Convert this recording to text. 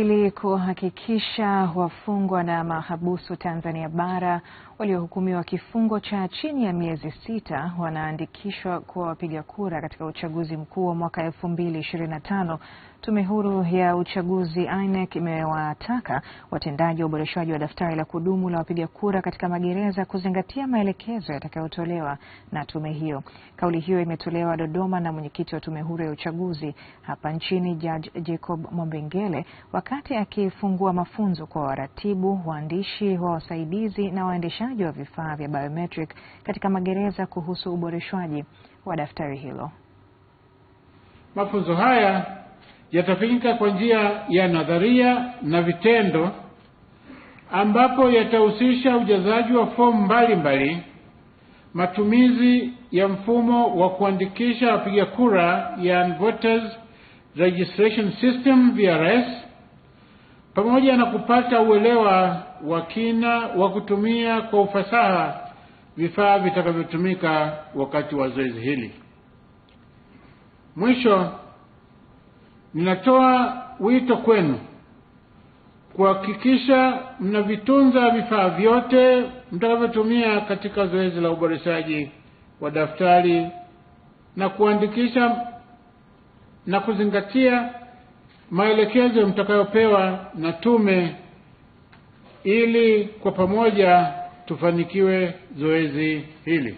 ili kuhakikisha wafungwa na mahabusu Tanzania bara waliohukumiwa kifungo cha chini ya miezi sita wanaandikishwa kuwa wapiga kura katika uchaguzi mkuu wa mwaka 2025. Tume Huru ya Uchaguzi INEC imewataka watendaji wa uboreshaji wa daftari la kudumu la wapiga kura katika magereza kuzingatia maelekezo yatakayotolewa na tume hiyo. Kauli hiyo imetolewa Dodoma na mwenyekiti wa Tume Huru ya Uchaguzi hapa nchini Judge Jacob Mwambengele Wakati akifungua mafunzo kwa waratibu, waandishi wa wasaidizi na waendeshaji wa vifaa vya biometric katika magereza kuhusu uboreshwaji wa daftari hilo. Mafunzo haya yatafanyika kwa njia ya nadharia na vitendo ambapo yatahusisha ujazaji wa fomu mbalimbali, matumizi ya mfumo wa kuandikisha wapiga kura, yani voters registration system VRS, pamoja na kupata uelewa wa kina wa kutumia kwa ufasaha vifaa vitakavyotumika wakati wa zoezi hili. Mwisho, ninatoa wito kwenu kuhakikisha mnavitunza vifaa vyote mtakavyotumia katika zoezi la uboreshaji wa daftari na kuandikisha na kuzingatia maelekezo mtakayopewa na tume ili kwa pamoja tufanikiwe zoezi hili.